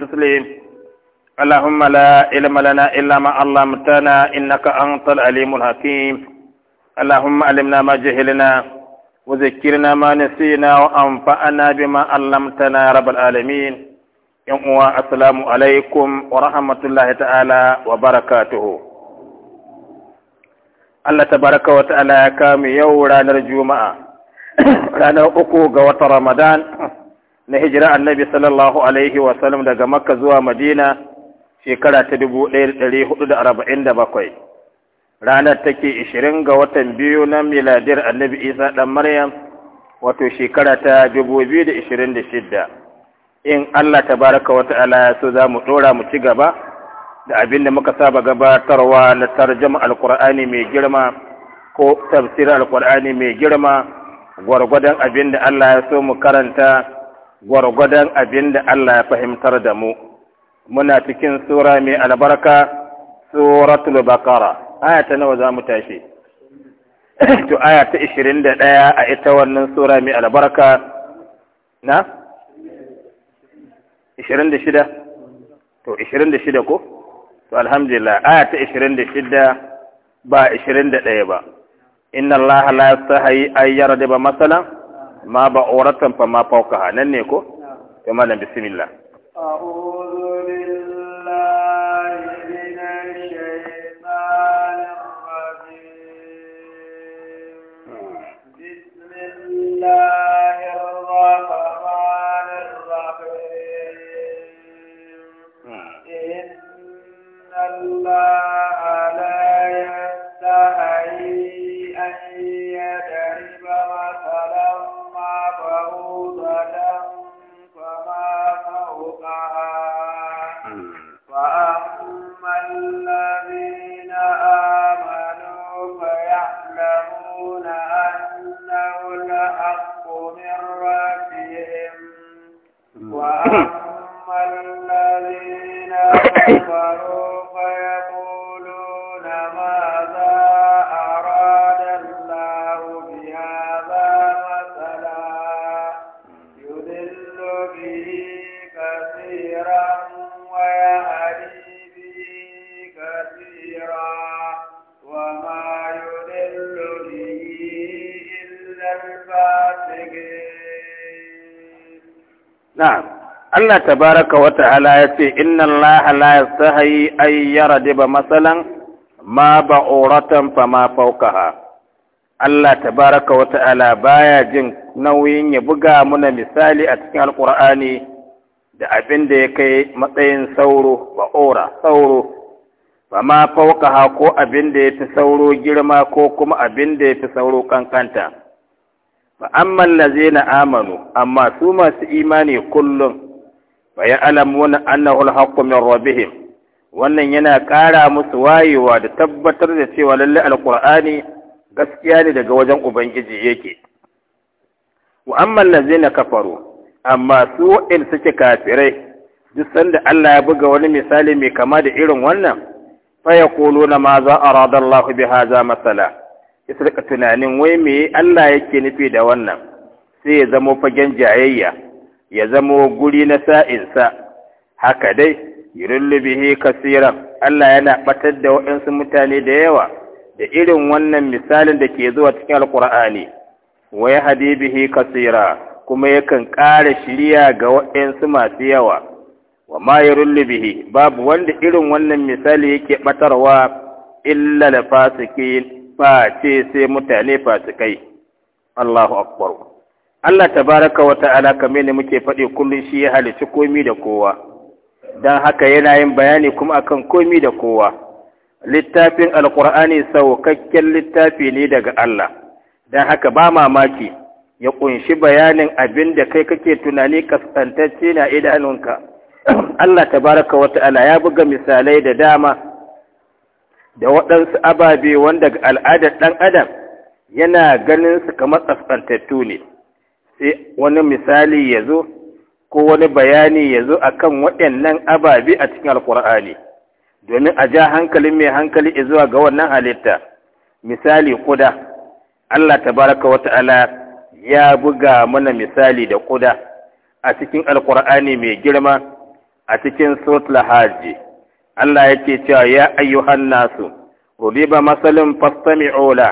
تسليم اللهم لا علم لنا إلا ما علمتنا إنك أنت العليم الحكيم اللهم علمنا ما جهلنا وذكرنا ما نسينا وأنفعنا بما علمتنا يا رب العالمين يوم السلام عليكم ورحمة الله تعالى وبركاته Allah tabaraka wa ta'ala ya kame yau ranar Juma'a, ranar uku ga wata Ramadan, na hijira annabi sallallahu alaihi wasallam daga makka zuwa madina shekara ta dubu ɗaya da arba'in bakwai. ranar take ishirin ga watan biyu na miladiyar annabi isa ɗan maryam wato shekara ta dubu biyu da da shidda. in allah ta baraka wata ya so za mu ɗora mu ci gaba da abin da muka saba gabatarwa na tarjama alkur'ani mai girma ko tafsirar alkur'ani mai girma gwargwadon abin da allah ya so mu karanta gwargwadon abin da Allah ya fahimtar da mu muna cikin sura mai albarka suratul baqara aya ta nawa za mu tashi to aya ta ishirin da ɗaya a ita wannan sura mai albarka na Ishirin da shida? to ishirin da shida ko to alhamdulillah aya ta ishirin da shida, ba ishirin da ɗaya ba inna allaha la yastahi da ba masalan ma ba auratan fa nan ne ko to malam bismillah a'udhu billahi minash shaitanir rajim bismillah الله Allah tabaraka wa ta'ala ya ce inna Allah la yastahi ay ba masalan ma ba'uratan fa ma fawqaha Allah tabaraka wa ta'ala baya jin nauyin ya buga muna misali a cikin alqur'ani da abin da ya kai matsayin sauro ba'ura sauro ba ma fawqaha ko abin da ya fi sauro girma ko kuma abin da ya fi sauro kankanta fa amma lazina amanu amma su masu imani kullum fa ya'lamuna annahu al-haqqu min rabbihim wannan yana ƙara musu wayewa da tabbatar da cewa lalle alqur'ani gaskiya ne daga wajen ubangiji yake wa amma allazina kafaru amma su in suke kafirai duk sanda Allah ya buga wani misali mai kama da irin wannan fa yaquluna ma za arada Allah bi hadha masala sai tunanin wai me Allah yake nufi da wannan sai ya zama fagen jayayya ya zamo guri na sa'insa haka dai yirullubihi kasiran Allah yana ɓatar da waɗansu mutane da yawa da irin wannan misalin da ke zuwa cikin alkur'ani wa ya hadibihi kasira kuma yakan ƙara shirya ga waɗansu masu yawa wa ma yurullubihi babu wanda irin wannan misali yake ɓatarwa illa da fasikin face sai mutane fasikai Allahu akbar Allah tabaraka wa ta'ala kamar ne muke faɗi kullum shi ya halici komi da kowa don haka yana yin bayani kuma akan komi da kowa littafin alkur'ani saukakken littafi ne daga Allah don haka ba mamaki ya ƙunshi bayanin abin da kai kake tunani kaskantacce na idanunka Allah tabaraka wa ta'ala ya buga misalai da dama da waɗansu ababe wanda al'adar ɗan adam yana ganin su kamar kaskantattu ne sai wani misali ya zo ko wani bayani ya zo a kan waɗannan ababi a cikin Alƙur'ani, domin a ja hankalin mai hankali zuwa ga wannan halitta misali kuda Allah Ta baraka wa ta'ala ya buga mana misali da kuda a cikin alkur'ani mai girma a cikin suratul hajji Allah yake cewa ya ayyuhan nasu rubiba masalin fastami'u la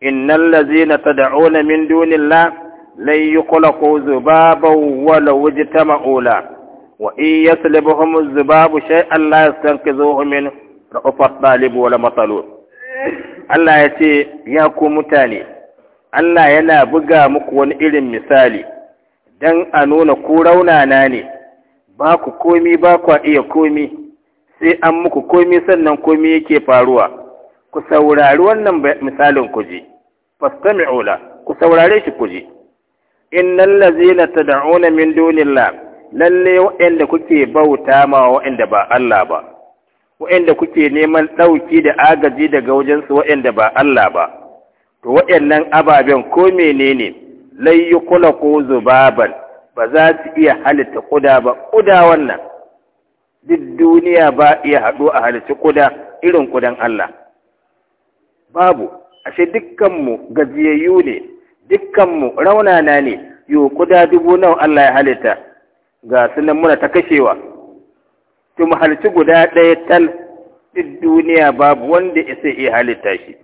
na ta tad'una min dunin la' lan yukhlaqu Zubabau wala ta ula wa in yaslibhum zubabu shay'an la yastanqidhuhu min ra'ufat talib wala matalun Allah ya ce ya ku mutane Allah yana buga muku wani irin misali dan a nuna ku raunana ne ba ku komi ba ku iya komi sai an muku komi sannan komi yake faruwa ku saurari wannan misalin ku ji fastami'u ku saurare shi ku ji innal ladzina tad'una min dunillah lalle wa'anda kuke bauta ma wa'anda ba Allah ba wa'anda kuke neman ɗauki da agaji daga wajensu su wa'anda ba Allah ba to wa'annan ababen ko menene lai ko zubaban ba za su iya halitta kuda ba kuda wannan duk duniya ba iya haɗu a halitta kuda irin kudan Allah babu ashe dukkanmu gajiyayyu ne dukkanmu raunana ne yau kuda dubu nawa Allah ya halitta ga sunan muna ta kashewa to halci guda ɗaya tal duk duniya babu wanda isa iya halitta shi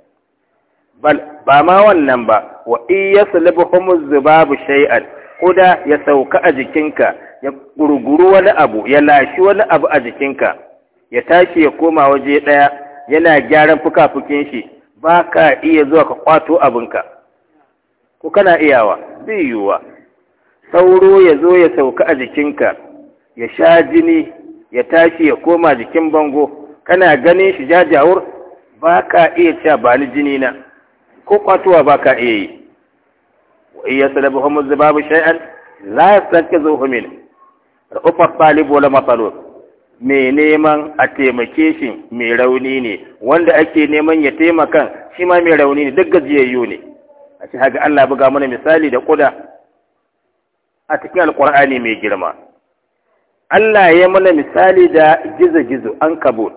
bal ba ma wannan ba wa iya salabuhum zubabu shay'an kuda ya sauka a jikinka ya gurguru wani abu ya lashi wani abu a jikinka ya tashi ya koma waje ɗaya yana gyaran fuka-fukin shi ba ka iya zuwa ka kwato abinka ko kana iyawa zai yiwuwa sauro ya zo ya sauka a jikinka ya sha jini ya tashi ya koma jikin bango kana ganin shi jajawur ba ka iya cewa ba ni jini na ko kwatuwa ba ka iya yi wa iya salabu homo zubabu shay'an la ya sanke zo homin rufar talib wala mai neman a taimake shi mai rauni ne wanda ake neman ya taimakan shi ma mai rauni ne duk gajiyayyu ne a ce haka Allah buga mana misali da ƙuda a cikin alƙur'ani mai girma Allah ya mana misali da gizo-gizo an kabot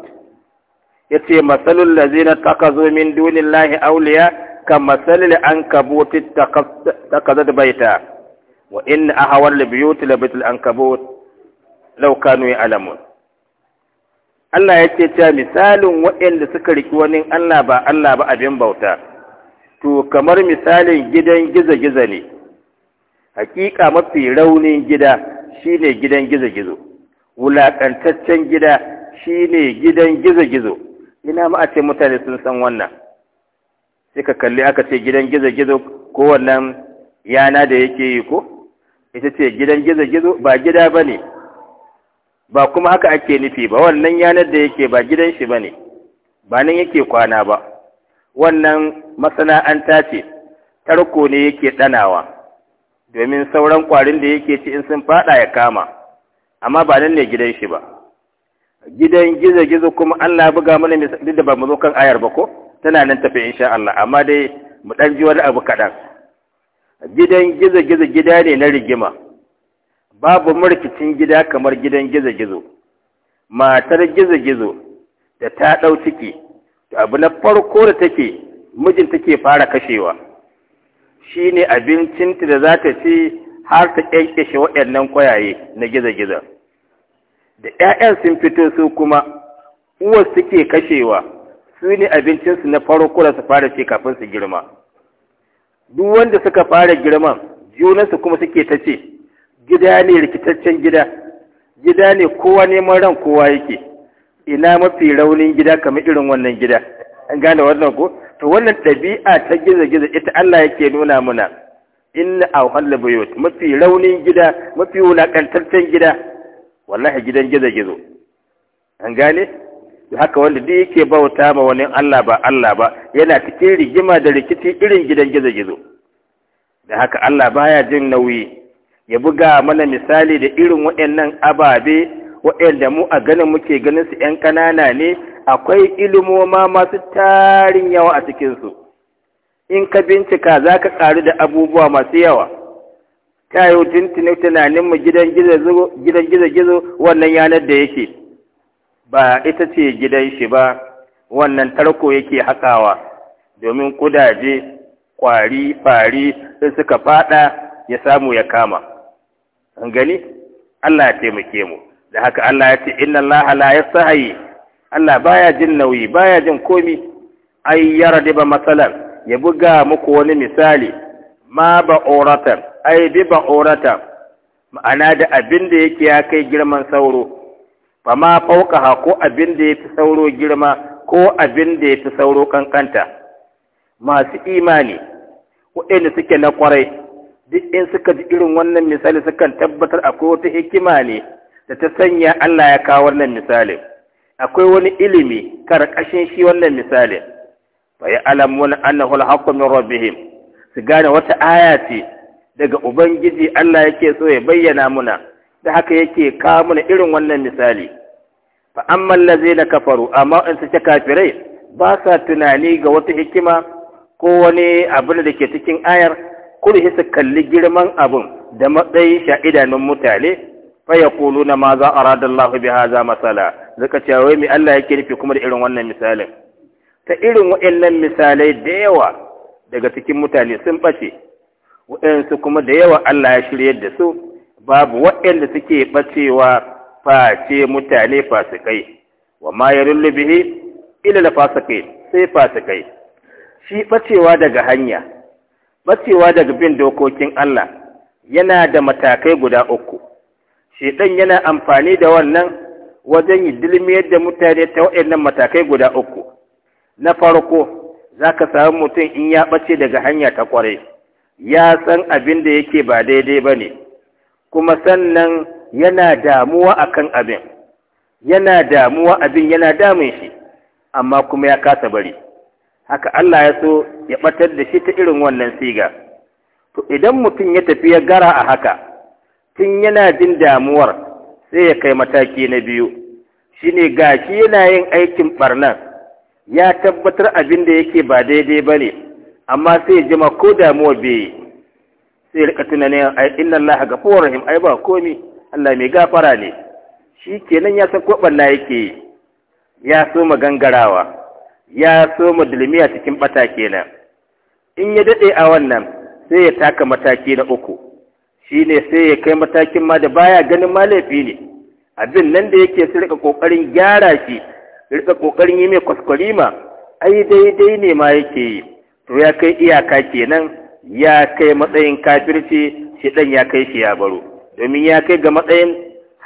ya ce matsalin lazi na zo min dunin lahi auliya ka matsalin an kabot da baita wa in a hawar libiyoti labitul an kabot laukanu ya alamun Allah ya ce ta misalin waɗanda suka riki wani Allah ba Allah ba abin bauta to kamar misalin gidan giza-giza ne hakika mafi raunin gida shine gidan giza gizo wulakantaccen gida shine gidan giza gizo ina ma a ce mutane sun san wannan sai ka kalli aka ce gidan giza gizo ko wannan yana da yake yi ko ita ce gidan giza gizo ba gida ba ne ba kuma haka ake nufi ba wannan yanar da yake ba gidan shi ba ne ba nan yake kwana ba wannan masana'anta ce tarko ne yake ɗanawa domin sauran ƙwarin da yake ci in sun faɗa ya kama amma ba nan ne gidan shi ba gidan gizo-gizo kuma Allah buga mana misali da ba mu zo kan ayar ba ko tana nan tafi insha Allah amma dai mu ɗan ji wani abu kaɗan gidan gizo-gizo gida ne na rigima babu markicin gida kamar gidan gizo-gizo matar gizo-gizo da ta ɗau ciki abu na farko da take mijin take fara kashewa shi ne abincinta da za ta ci har ta ƙyanƙyashe waɗannan ƙwayaye na giza-giza da 'ya'yan sun fito su kuma uwar suke kashewa su ne abincinsu na farko da su fara ce kafin su girma duk wanda suka fara girman junansu kuma suke ta ce gida ne rikitaccen gida gida ne kowa neman ran kowa yake ina mafi raunin gida kamar irin wannan gida an gane wannan ko to wannan ɗabi'a ta gizo-gizo ita Allah yake nuna muna inna wahala bayot mafi raunin gida mafi wulakantaccen gida wallahi gidan gizo-gizo an gane haka wanda duk yake bauta ma wani Allah ba Allah ba yana cikin rigima da rikici irin gidan gizo-gizo da haka Allah baya jin nauyi ya buga mana misali da irin waɗannan ababe waɗanda mu a ganin muke ganin su ‘yan ƙanana ne akwai ilimoma masu tarin yawa a cikinsu in ka bincika za ka ƙaru da abubuwa masu yawa ta yi tunanin tunaninmu gidan gizo-gizo wannan yanar da yake ba ita ce gidan shi ba wannan tarko yake haƙawa domin kudaje kwari fari sai suka fada ya samu ya kama an gani Allah ya taimake mu da haka Allah ya ce inna Allah la yastahi Allah baya jin nauyi baya jin komi ay ba masalan ya buga muku wani misali ma ba oratan ai bi ba orata ma'ana da abinda da yake ya kai girman sauro fa ma ha ko abin da yafi sauro girma ko abinda da yafi sauro kankanta masu imani waɗanda suke na kwarai duk in suka ji irin wannan misali sukan tabbatar akwai wata hikima ne da ta sanya Allah ya kawo wannan misalin akwai wani ilimi karkashin shi wannan misalin fa ya alamun annahu al-haqqu min su gane wata aya ce daga ubangiji Allah yake so ya bayyana muna da haka yake kawo muna irin wannan misali fa amma na kafaru amma in su kafirai ba sa tunani ga wata hikima ko wani abin da ke cikin ayar kurhi su kalli girman abun da matsayin idanun mutane fa yaquluna ma za arada Allahu bi hadha masala zaka ce wai mi Allah yake nufi kuma da irin wannan misalin ta irin waɗannan misalai da yawa daga cikin mutane sun bace wa'ansu kuma da yawa Allah ya shirya da su babu waɗanda suke bacewa face mutane fasikai wa ma yarullu bihi ila fasikai sai fasikai shi bacewa daga hanya ɓacewa daga bin dokokin Allah yana da matakai guda uku shedan yana amfani da wannan wajen yi dilmiyar da mutane ta waɗannan matakai guda uku na farko za ka samu mutum in ya ɓace daga hanya ta ƙwarai ya san abin da yake ba daidai ba ne kuma sannan yana damuwa a kan abin yana damuwa abin yana damun shi amma kuma ya kasa bari haka Allah ya so ya ɓatar da shi ta irin wannan siga to idan mutum ya tafi ya gara a haka tun yana jin damuwar sai ya kai mataki na biyu Shi ga gashi yana yin aikin barnar ya tabbatar abin da yake ba daidai ba ne amma sai ya jima ko damuwa bai sai rika tunanin inna Allah gafurur rahim ai ba komi Allah mai gafara ne shi kenan ya san ko yake yi ya so gangarawa ya so dulmiya cikin bata kenan in ya daɗe a wannan sai ya taka mataki na uku shi ne sai ya kai matakin ma da baya ganin ma ne abin nan da yake su rika kokarin gyara shi rika kokarin yi mai kwaskwarima ai daidai ne ma yake yi to ya kai iyaka kenan ya kai matsayin kafirci shi dan ya kai shi ya baro domin ya kai ga matsayin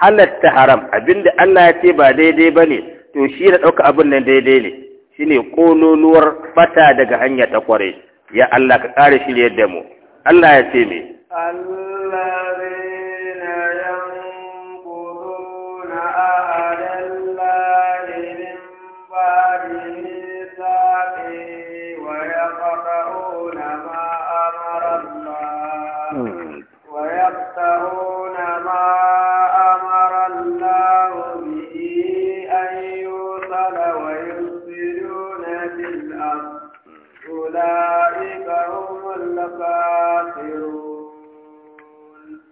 halatta haram abin da Allah ya ce ba daidai ba ne to shi da dauka abin nan daidai ne shine kololuwar fata daga hanya ta kware ya Allah ka kare shi da mu Allah ya ce me Allah إلا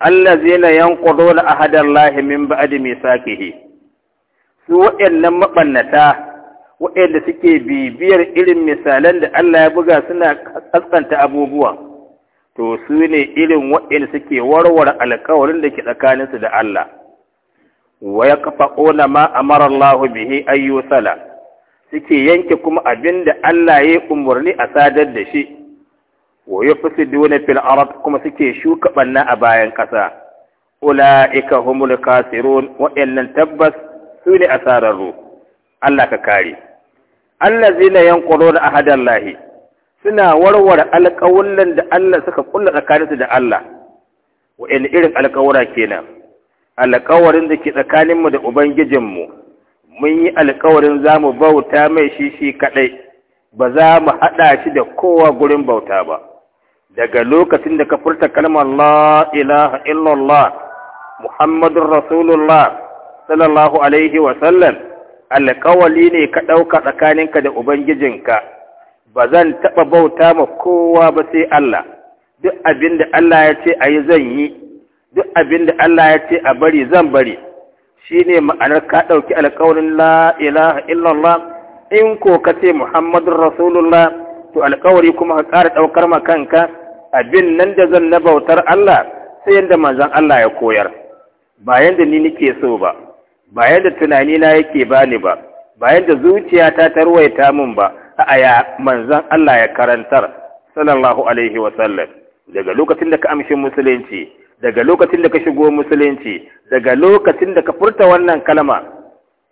Allah allazina yanquduna ahadallahi min ba'di misakihi su waɗannan mabannata da suke bibiyar irin misalan da Allah ya buga suna kaskanta abubuwa to su ne irin wa'yan suke warware alkawarin da ke tsakaninsu da Allah wa ƙona ma amara Allah bihi ayyusala suke yanke kuma abinda Allah ya umarni a sadar da shi wa duna fil ard kuma suke shuka banna a bayan ƙasa ulaika humul kasirun illan tabbas su ne asararru Allah ka kare allazina yanquluna ahadallahi suna warware alƙawullan da Allah suka kulla tsakaninsu da Allah in irin alƙawura kenan alƙawarin da ke tsakaninmu da Ubangijinmu, mun yi alƙawarin za mu bauta mai shi shi kaɗai, ba za mu haɗa shi da kowa gurin bauta ba. daga lokacin da ka furta kalmar la ilaha illallah muhammadun rasulullah sallallahu alaihi sallam. alkawali ne ka ɗauka tsakaninka da ubangijinka ba zan taɓa bauta ma kowa ba sai Allah duk abin da Allah ya ce a yi zan yi duk abin da Allah ya ce a bari zan bari shi ne ma'anar ka ɗauki alkawarin la ilaha illallah in ko ka ce muhammadun rasulullah to alkawari kuma ka ƙara ɗaukar ma kanka abin nan da zan na bautar Allah sai yadda manzon Allah ya koyar ba yadda ni nake so ba ba yadda tunani na yake bani ba ba yadda zuciya ta tarwaita min ba a ya manzon Allah ya karantar sallallahu alaihi wa sallam daga lokacin da ka amshi musulunci daga lokacin da ka shigo musulunci daga lokacin da ka furta wannan kalma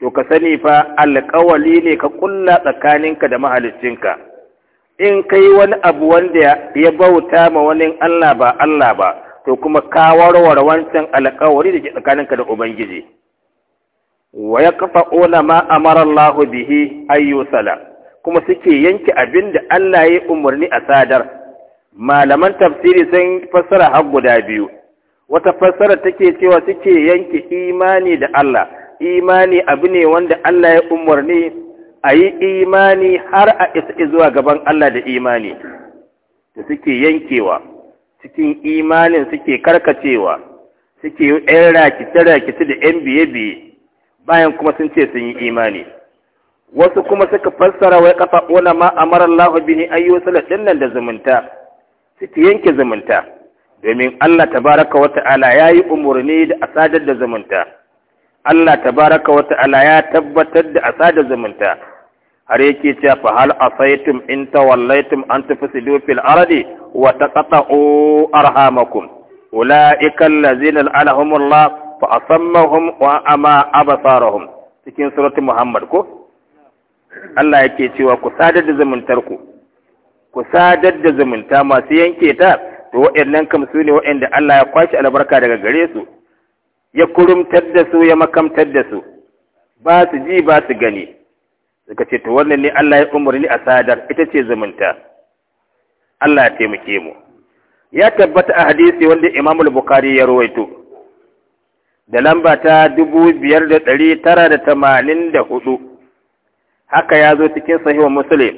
to ka sani fa alƙawali ne ka kulla tsakaninka da mahaliccinka in kai wani abu wanda ya bauta ma wani Allah ba Allah ba to kuma ka warware wancan alƙawari da ke tsakaninka da Ubangiji wa yaqfa'una ma amara Allah bihi ayyusala kuma suke yanke abin da Allah ya umarni a sadar malaman tafsiri sun fassara har guda biyu wata fassara take cewa suke yanke imani da Allah imani abu ne wanda Allah ya umarni a yi imani har a isa zuwa gaban Allah da imani da suke yankewa cikin imanin suke karkacewa suke yi ‘yan rakice-rakice da ‘yan biye-biye bayan kuma sun ce sun yi imani wasu kuma suka fassara wai kafa wani ma marar lahobi ne an ayyusalar ɗinnan da zumunta suke yanke zumunta domin Allah tabaraka wa ya yi umarni da a sadar da zumunta Allah tabaraka wataala ya tabbatar da a sadar zumunta har yake cewa fa hal asaitum in tawallaitum an tafsidu fil ardi wa taqta'u arhamakum ulaika allazina alahum Allah fa asammahum wa ama absarahum cikin suratul Muhammad ko Allah yake cewa ku sadar da zumuntar ku ku sadar da zumunta masu yanke ta to wa'annan kam su ne waɗanda Allah ya kwashi albarka daga gare su ya kurumtar da su ya makamtar da su ba su ji ba su gani suka ce to wannan ne Allah ya umarni a sadar ita ce zumunta Allah ya taimake mu ya tabbata a hadisi wanda Imam al-Bukhari ya rawaito da lamba ta 5984 haka ya zo cikin sahih Muslim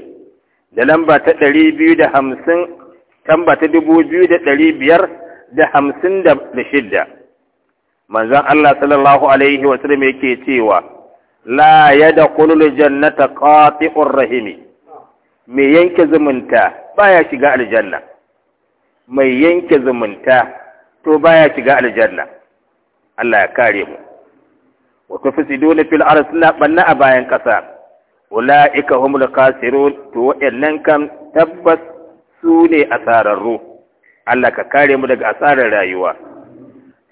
da lamba ta 250 tamba ta 2556 manzon Allah sallallahu alaihi wa sallam yake cewa la yadkhulul jannata qati'ur rahimi mai yanke zumunta baya shiga aljanna mai yanke zumunta to baya shiga aljanna Allah ya kare mu wa tufsiduna fil ardi la banna a bayan kasa ulaika humul qasirun to wayannan kam tabbas su ne asararru Allah ka kare mu daga asarar rayuwa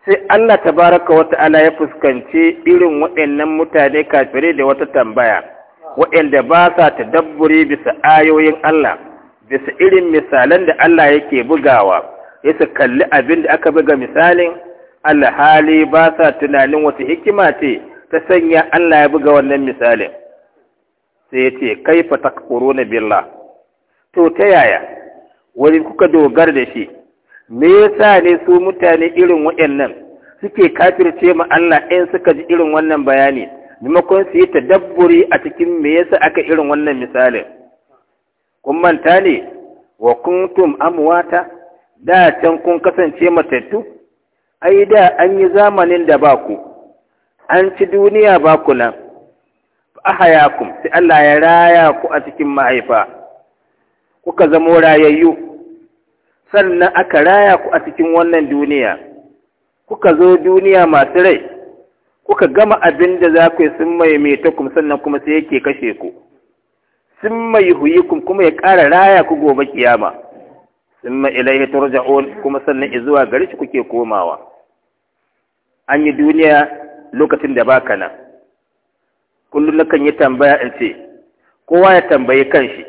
sai Allah Ta tabaraka wata ta'ala ya fuskanci irin waɗannan mutane kafirai da wata tambaya waɗanda ba sa tadabburi bisa ayoyin Allah bisa irin misalan da Allah yake bugawa ya su kalli abin da aka buga misalin alhali ba sa tunanin wata hikima ce ta sanya Allah ya buga wannan misalin sai ya ce kaifa takfuruna billah to ta yaya wani kuka dogara da shi me yasa ne su mutane irin waɗannan suke kafirce ma Allah in suka ji irin wannan bayani maimakon su yi tadabburi a cikin me yasa aka irin wannan misalin kun manta ne wa kuntum amwata da can kun kasance matattu ai da an yi zamanin da ba ku an ci duniya ba ku nan ahayakum sai Allah ya raya ku a cikin mahaifa kuka zamo rayayyu sannan aka raya ku a cikin wannan duniya kuka zo duniya masu rai kuka gama abin da za ku yi sun mai kuma sannan kuma sai yake kashe ku sun mai huyi kuma ya ƙara raya ku gobe kiyama sun mai ilaihi turja'un kuma sannan izuwa gari shi kuke komawa an yi duniya lokacin da baka nan kullum na kan yi tambaya in ce kowa ya tambayi kanshi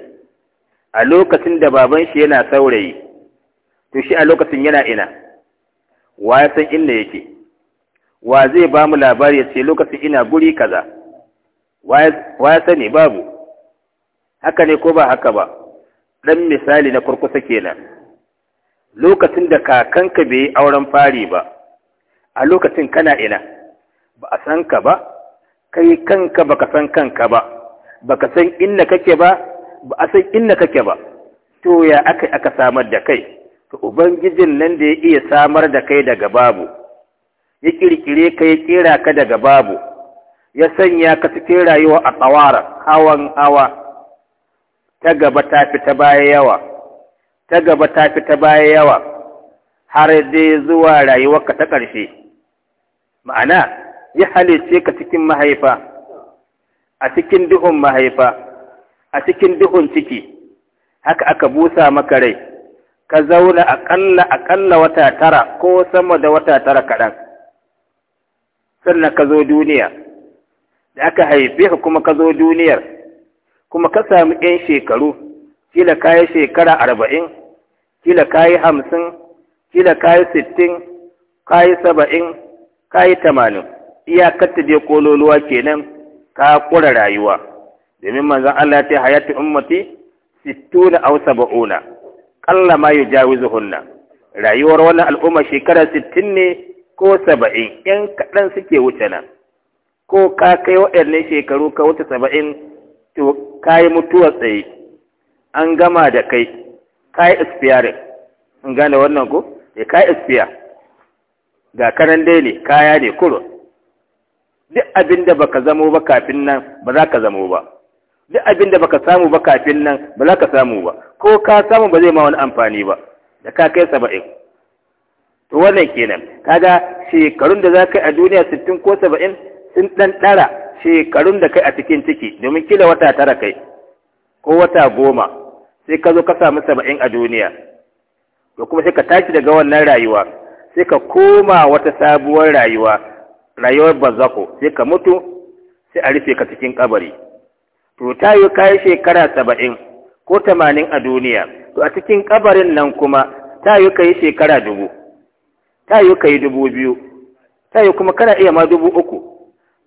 a lokacin da baban shi yana saurayi to shi a lokacin yana ina wa ya san inda yake wa zai ba mu labari ya ce lokacin ina guri kaza wa ya sani babu haka ne ko ba haka ba ɗan misali na kurkusa kenan lokacin da kakanka bai yi auren fari ba a lokacin kana ina ba a san ka ba kai kanka baka san kanka ba baka san inda kake ba ba a san inda kake ba to ya aka aka samar da kai to ubangijin nan da ya iya samar da kai daga babu ya kirkire ka ya kera ka daga babu ya sanya ka cikin rayuwa a tsawara hawan hawa ta gaba ta fita baya yawa ta gaba ta fita baya yawa har dai zuwa rayuwarka ta ƙarshe ma'ana ya halice ka cikin mahaifa a cikin duhun mahaifa a cikin duhun ciki haka aka busa maka rai ka zauna aƙalla aƙalla wata tara ko sama da wata tara kaɗan sannan ka zo duniya da aka haife ka kuma ka zo duniyar kuma ka sami 'yan shekaru kila ka yi shekara arba'in kila ka yi hamsin kila ka yi sittin ka yi saba'in ka yi tamanin iyakar ta je kololuwa kenan ka kura rayuwa domin manzon Allah ta hayatu ummati sittuna aw saba'una ƙalla ma ya jawo zuhunna rayuwar wannan al'umma shekara sittin ne ko saba'in ‘yan kaɗan suke wuce nan ko ka kai waɗannan shekaru ka wuce saba'in to ka yi mutuwa tsaye an gama da kai ka yi ispiyarin in gane wannan ko ya eh, ka yi ispiya ga kanan dai ne kaya ne kuro duk abin da baka zamo ba kafin nan ba za ka zamo ba duk abin da baka samu ba kafin nan ba za ka samu ba ko ka samu ba zai ma wani amfani ba da ka kai saba'in to wannan kenan kaga shekarun da za kai a duniya sittin ko saba'in sun ɗan ɗara shekarun da kai a cikin ciki domin kila wata tara kai ko wata goma sai ka zo ka samu saba'in a duniya to kuma sai ka tashi daga wannan rayuwa sai ka koma wata sabuwar rayuwa rayuwar bazako sai ka mutu sai a rufe ka cikin kabari to ta yi shekara saba'in ko tamanin a duniya to a cikin kabarin nan kuma ta yi ka yi shekara dubu ta yi ka yi dubu biyu ta yi kuma kana iya ma dubu uku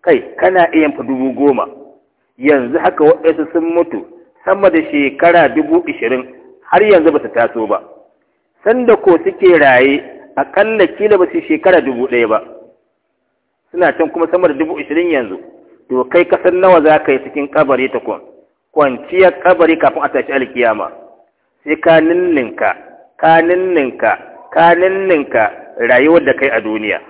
kai kana iya fa dubu goma yanzu haka waɗansu sun mutu sama da shekara dubu ishirin har yanzu ba su taso ba sanda ko suke raye aƙalla kila ba su shekara dubu ɗaya ba suna can kuma sama da dubu ishirin yanzu to kai kasan nawa za ka yi cikin kabari ta kuma kwanciyar kabari kafin a tashi alkiyama sai ka ninninka ka ninninka ka ninninka rayuwar da kai a duniya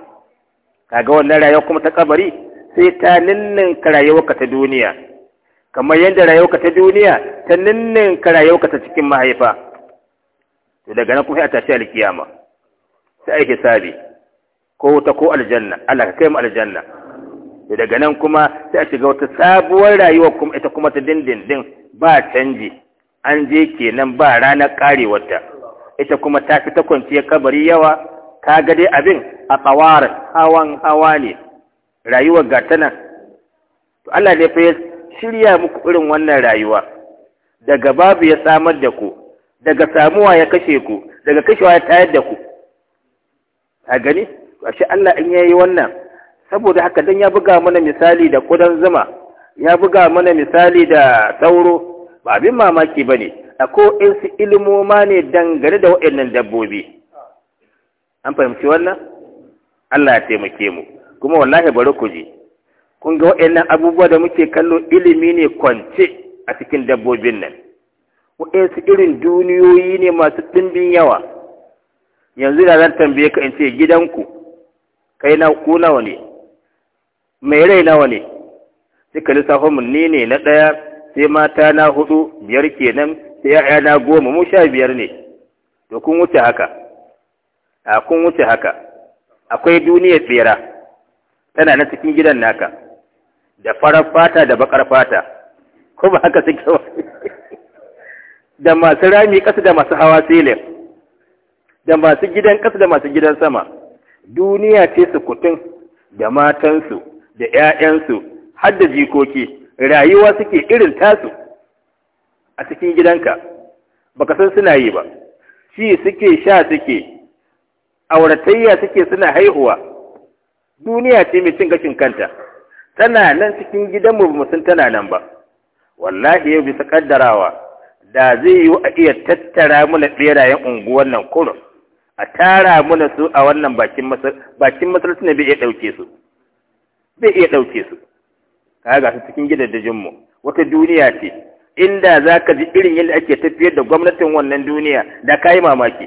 kaga wannan rayuwa kuma ta kabari sai ta ninninka ka ta duniya kamar yadda ka ta duniya ta ninninka ka ta cikin mahaifa to daga nan kuma sai a tashi alkiyama sai ai hisabi ko ta ko aljanna Allah ka kai mu aljanna da daga nan kuma sai a shiga wata sabuwar rayuwa kuma ita kuma ta dindindin ba canji an je kenan ba ranar karewarta ita kuma ta fi ta kwanciya kabari yawa ka ga dai abin a tsawar hawan hawa ne rayuwar ga ta nan Allah ne fa ya shirya muku irin wannan rayuwa daga babu ya samar da ku daga samuwa ya kashe ku daga kashewa ya tayar da ku a gani ashe Allah in yayi wannan saboda haka dan ya buga mana misali da kudan zuma ya buga mana misali da sauro ba abin mamaki ba ne a ko su ilimoma ne dangane da wa'annan dabbobi an fahimci wannan Allah ya taimake mu kuma wallahi bari ku je kun ga wa'annan abubuwa da muke kallo ilimi ne kwance a cikin dabbobin nan waɗansu irin duniyoyi ne masu ɗimbin yawa yanzu da zan tambaye ka in ce gidanku kai na ku nawa ne mai rai nawa ne suka lissafo mu ni ne na ɗaya sai mata na hudu biyar kenan sai ya'ya na goma mu sha biyar ne to kun wuce haka a kun wuce haka akwai duniyar tsira tana na cikin gidan naka da farar fata da bakar fata ko ba haka suke ba da masu rami ƙasa da masu hawa silin da masu gidan ƙasa da masu gidan sama duniya ce su kutun da matansu da 'ya'yansu har da jikoki rayuwa suke irin tasu a cikin gidanka ba ka san suna yi ba ci suke sha suke auratayya suke suna haihuwa duniya ce mai cin gashin kanta tana nan cikin gidanmu ba sun tana nan ba wallahi yau bisa kaddarawa da zai yi a iya tattara mana ɓerayen unguwar nan kurum a tara mana su a wannan bakin masar na bai iya ɗauke su zai iya ɗauke su kaga ga su cikin gidajenmu. wata duniya ce inda za ka ji irin yadda ake tafiyar da gwamnatin wannan duniya da ka yi mamaki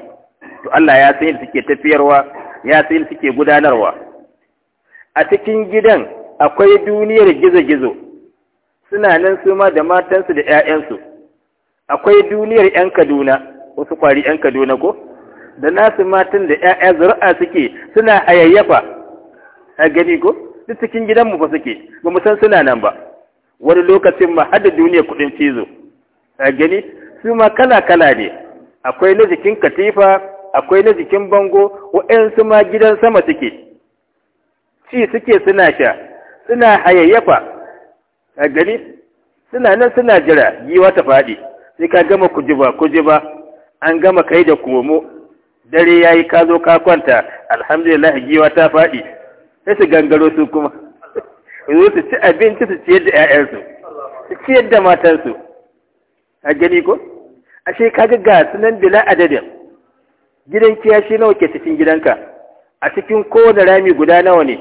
to Allah ya san yadda suke tafiyarwa ya san yadda suke gudanarwa a cikin gidan akwai duniyar gizo-gizo suna nan su ma da matansu da 'ya'yansu akwai duniyar 'yan kaduna wasu kwari 'yan kaduna ko da nasu matan da 'ya'ya zuri'a suke suna hayayyafa a gani ko duk cikin gidanmu ba suke ba mu san suna nan ba wani lokacin ma hada duniya kuɗin cizo a gani su ma kala kala ne akwai na jikin katifa akwai na jikin bango waɗansu ma gidan sama suke ci suke suna sha suna hayayyafa a gani suna nan suna jira giwa ta faɗi sai ka gama kujiba kujiba an gama kai da komo dare ya yi ka zo ka kwanta alhamdulillah giwa ta faɗi sai su gangaro su kuma yanzu su ci abinci su ciyar da 'ya'yansu su ciyar da matansu a gani ko ashe ka ga sunan bila adadin gidan kiyashi nawa ke cikin gidanka a cikin kowane rami guda nawa ne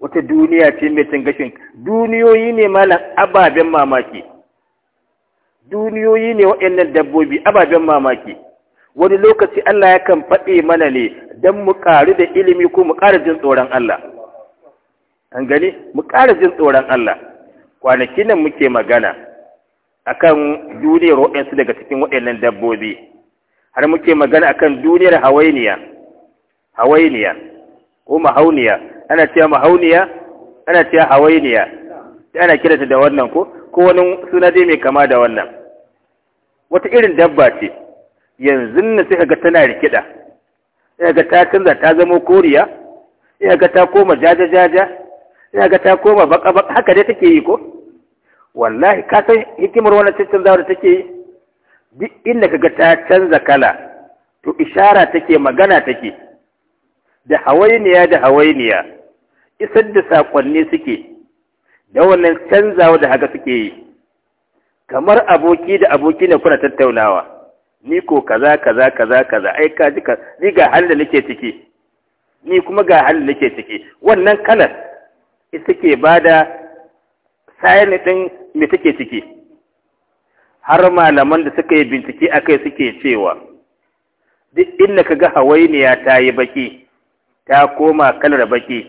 wata duniya ce mai cin gashin duniyoyi ne malam ababen mamaki duniyoyi ne waɗannan dabbobi ababen mamaki wani lokaci Allah ya kan faɗe mana ne don mu ƙaru da ilimi ko mu ƙara jin tsoron Allah an gani mu ƙara jin tsoron Allah kwanaki nan muke magana akan duniyar waɗansu daga cikin waɗannan dabbobi har muke magana akan duniyar hawainiya hawainiya ko mahauniya ana cewa mahauniya ana cewa hawainiya sai ana kiranta da wannan ko ko wani suna dai mai kama da wannan wata irin dabba ce yanzu na sai ga tana rikida sai ga ta canza ta zama koriya sai ga ta koma jaja jaja sai ga ta koma baka baka haka dai take yi ko wallahi ka san hikimar wannan cancanzawa da take yi duk inda kaga ta canza kala to ishara take magana take da hawainiya da hawainiya isar da sakonni suke da wannan canzawa da haka suke yi kamar aboki da aboki ne kuna tattaunawa ni ko kaza kaza kaza kaza ai ka ji ka ni ga hal da nake ciki ni kuma ga hal da nake ciki wannan kalar ita ke ba da sayani ɗin me take ciki har malaman da suka yi bincike a kai suke cewa duk inda ka ga hawainiya ta yi baki ta koma kalar baki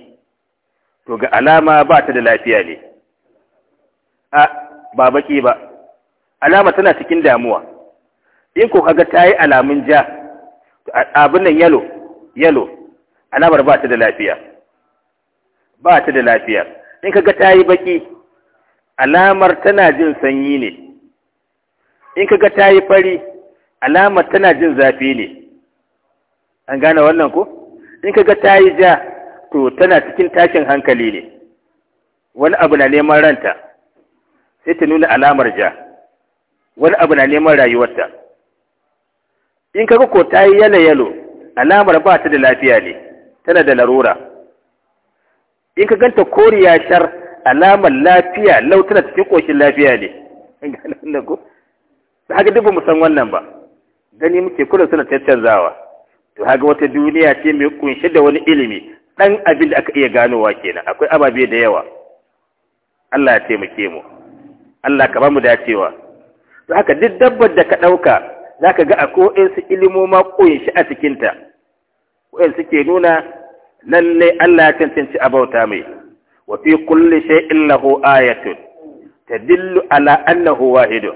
to ga alama ba ta da lafiya ne a ba baki ba alama tana cikin damuwa in ko kaga ta yi alamun ja abin nan yalo yalo alamar ba ta da lafiya ba ta da lafiya in ga ta yi baki alamar tana jin sanyi ne in ga ta yi fari alamar tana jin zafi ne an gane wannan ko in ga ta yi ja to tana cikin tashin hankali ne wani abu na neman ranta sai ta nuna alamar ja wani abu na neman rayuwarta in ka ga ko ta yi yalo alamar ba ta da lafiya ne tana da larura in ka ganta koriya shar alamar lafiya lau cikin ƙoshin lafiya ne da haka duk mu san wannan ba gani muke kullum suna canzawa to haka wata duniya ce mai kunshe da wani ilimi ɗan abin da aka iya ganowa kenan akwai ababe da yawa Allah ya taimake mu Allah ka ba mu dacewa to haka duk dabbar da ka ɗauka zaka ka ga a ko'insu ma ƙunshi a cikinta wa'in suke nuna lalle Allah ya cancanci a bauta mai wa fi kulli shay'in lahu ayatun tadillu ala annahu wahidun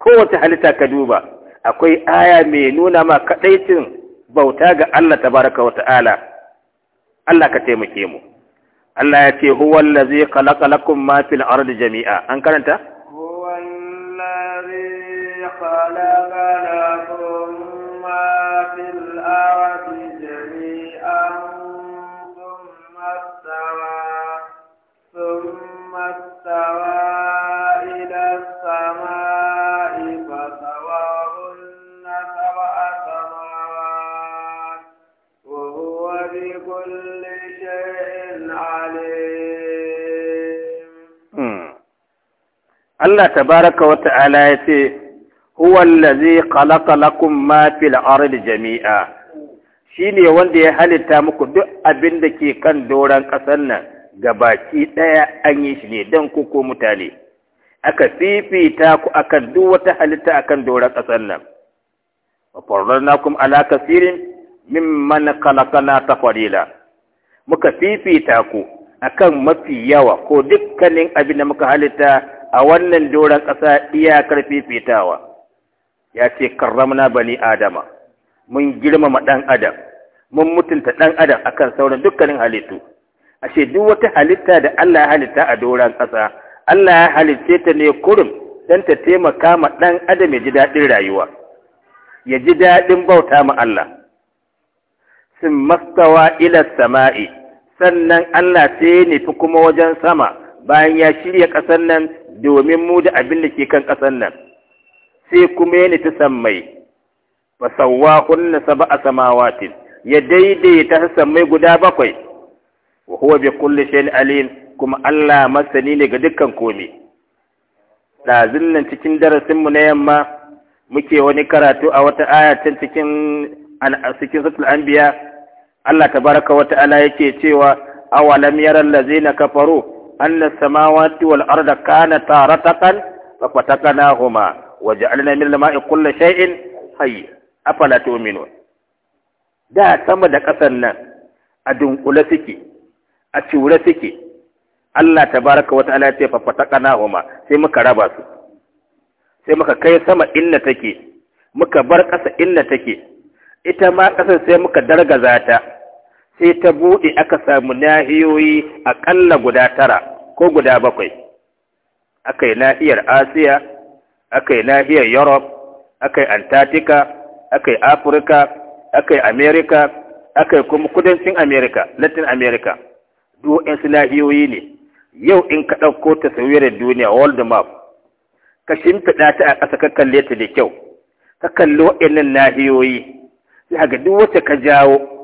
kowace halitta ka duba akwai aya mai nuna ma kadaicin bauta ga Allah tabaraka wa ta'ala Allah ka taimake mu Allah ya ce huwa allazi khalaqa lakum ma fil ardi jami'a an karanta huwa allazi khalaqa Allah tabaraka wa ta'ala ya ce huwa zai kalaka lakum ma fil ardi jami'a Shi ne wanda ya halitta muku duk abin da ke kan doron ƙasar nan ga baki ɗaya an yi shi ne don kuku mutane aka fifita ku akan duk wata halitta akan doron ƙasar nan wa farrarnakum ala kasirin mimman khalaqana tafadila muka fifita ku akan mafi yawa ko dukkanin abin da muka halitta a wannan doron ƙasa iyakar fifitawa ya ce karramna bani adama mun girmama ɗan adam mun mutunta ɗan adam akan sauran dukkanin halittu ashe duk wata halitta da Allah ya halitta a doron ƙasa Allah ya halitte ta ne kurum don ta taimaka ma ɗan adam ya ji daɗin rayuwa ya ji daɗin bauta ma Allah sun mastawa ila sama'i sannan Allah sai ya nufi kuma wajen sama bayan ya shirya ƙasar nan domin mu da abin da ke kan ƙasar nan sai kuma ya nufi sammai Ba sauwa kunna saba a samawatin ya daidaita sammai guda bakwai wa huwa bi kulli shay'in alim kuma Allah masani ne ga dukkan komai dazin nan cikin darasin mu na yamma muke wani karatu a wata aya ta cikin cikin suratul anbiya Allah tabaraka wa ta'ala yake cewa awalam yaral ladzina kafaru أن السماوات taratakan كانتا waje ففتقناهما وجعلنا من الماء كل شيء حي أفلا تؤمنون da sama da ƙasan nan a dunkule suke a cure suke Allah tabaraka wa ta'ala ce fa sai muka raba su sai muka kai sama inda take muka bar ƙasa inda take ita ma ƙasar sai muka dargaza ta sai ta buɗe aka samu nahiyoyi aƙalla guda tara ko guda bakwai aka yi nahiyar asiya aka yi nahiyar europe aka yi antarctica aka yi afirka aka yi america aka yi kuma kudancin Amerika, latin america su nahiyoyi ne yau in ka ɗauko sauyarar duniya world map ka shimfiɗa ta a ƙasa ka kalle ta da kyau ka kalli waɗannan nahiyoyi sai ga duk wacce ka jawo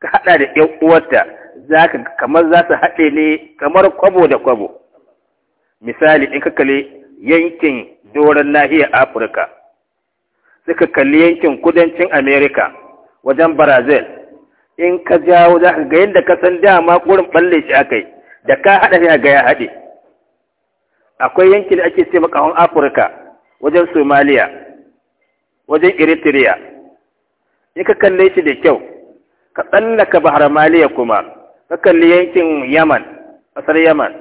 ka haɗa da ‘yan uwarta za ka kamar za su haɗe ne kamar kwabo da kwabo misali in ka kalli yankin doron nahiyar afirka suka kalli yankin kudancin amerika wajen brazil in ka jawo za ka ga yadda ka san dama kurin ɓalle shi aka yi da ka haɗa ne a gaya haɗe akwai yankin da ake ce makawan afirka wajen somaliya wajen eritrea in ka kalle shi da kyau ka tsallaka bahar maliya kuma ka kalli yankin yaman ƙasar yaman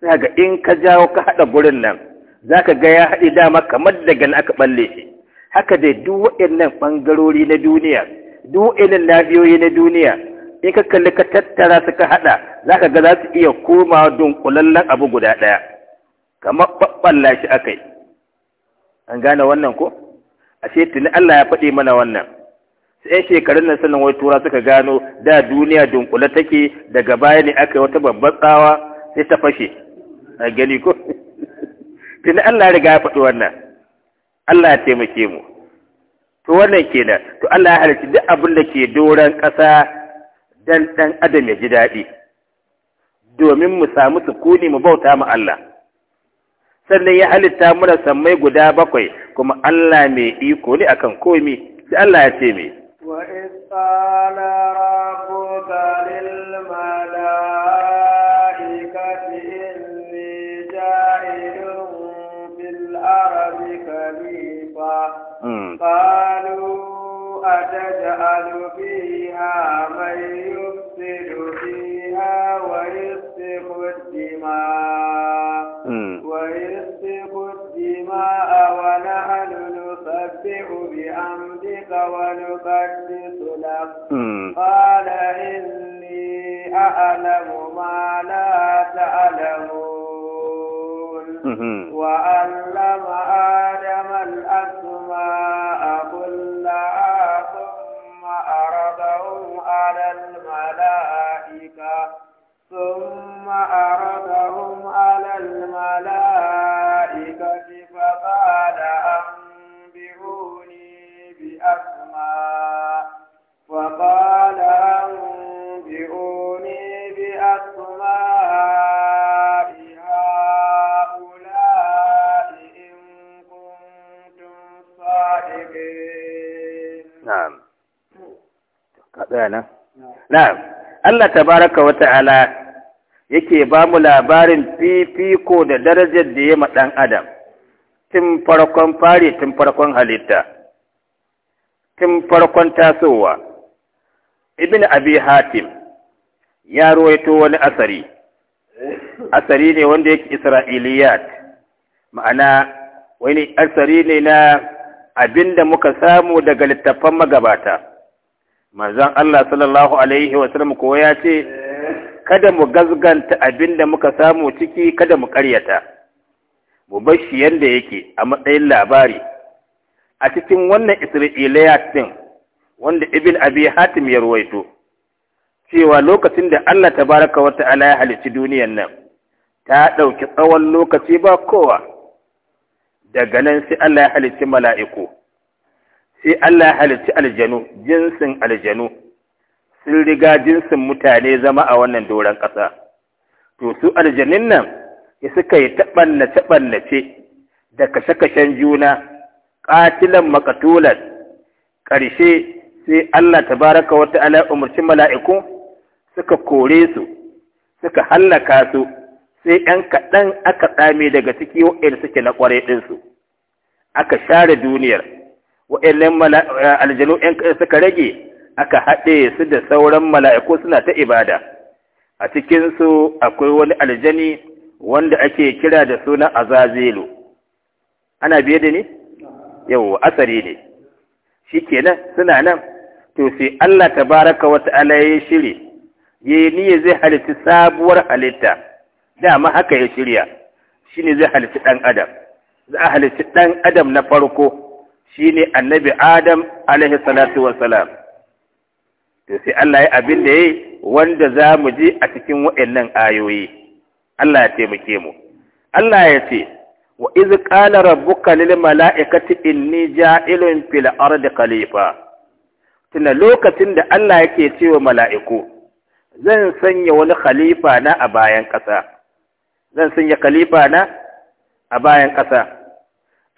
za ga in ka jawo ka haɗa gurin nan za ka ga ya haɗi dama kamar daga na aka ɓalle shi haka dai duk waɗannan ɓangarori na duniya duk waɗannan lafiyoyi na duniya in ka kalli ka tattara su ka haɗa za ka ga za su iya komawa dunkulallen abu guda ɗaya kamar ɓaɓɓalla shi akai. an gane wannan ko ashe tuni Allah ya faɗi mana wannan Sai shekarun nan sannan wai tura suka gano da duniya dunkule take daga baya ne aka yi wata babbar tsawa sai ta fashe a gani ko tunda Allah ya riga ya faɗi wannan Allah ya taimake mu to wannan kenan to Allah ya halarci duk abin da ke doron ƙasa dan dan adam ya ji daɗi domin mu samu sukuni mu bauta mu Allah sannan ya halitta mana sammai guda bakwai kuma Allah mai iko ne akan komi sai Allah ya ce mai وإذ قال ربك للملائكة إني جاهل في الأرض خليفة قالوا أتجعل فيها من يفسد فيها فيها ويسفك الدماء ويسفك الدماء ونحن نسبح بحمدك ونقدس لك قال إني أعلم ما لا تعلمون وعلم آدم الأسماء كلها ثم أراد على الملائكة ثم أردهم على الملائكة فقال أنبئوني بأسماء فقال أنبئوني بأسماء هؤلاء إن كنتم صادقين نعم قد na'am Allah tabaraka wa ta'ala yake ba mu labarin fifiko da darajar da ya ma ɗan adam tun farkon fari tun farkon halitta tun farkon tasowa ibn abi hatim ya ruwaito wani asari asari ne wanda yake isra'iliyat ma'ana wani asari ne na abinda muka samu daga littafan magabata manzon Allah sallallahu alaihi wasallam sallam ya ce kada mu gazganta abin da muka samu ciki kada mu karyata mu bar shi yanda yake a matsayin labari a cikin wannan Isra'iliyat din wanda Ibn Abi Hatim ya ruwaito cewa lokacin da Allah ta baraka Wata Ala ya halicci duniyar nan ta ɗauki tsawon lokaci ba kowa daga nan sai Allah ya halicci mala'iku sai Allah halitti aljanu jinsin aljanu sun riga jinsin mutane zama a wannan doron ƙasa to su aljanin nan ya suka yi taɓannace ɓannace da kashe-kashen juna ƙatilan makatulan ƙarshe sai Allah tabaraka wa ta'ala umarci mala'iku suka kore su suka hallaka su sai ‘yan kaɗan aka tsame daga ciki wa'il suke na ƙwarai ɗinsu aka share duniyar wa'annan aljanu in suka rage aka haɗe su da sauran mala'iku suna ta ibada a cikinsu akwai wani aljani wanda ake kira da suna azazilu ana biye da ni yau asari ne shi kenan suna nan to sai Allah tabaraka wa ta'ala ya shiri ya zai halitta sabuwar halitta dama haka ya shirya shine zai halitta ɗan adam za a halitta ɗan adam na farko Shi ne annabi Adam alaihi salatu wassalam to sai Allah ya abin da yayi wanda za mu ji a cikin waɗannan ayoyi Allah ya taimake mu Allah ya ce wa iz ƙala rabbuka lil mala'ikati inni ja'ilun fil da khalifa Tuna lokacin da Allah yake ce wa mala'iku zan sanya wani khalifa na a bayan ƙasa zan sanya khalifa na a bayan ƙasa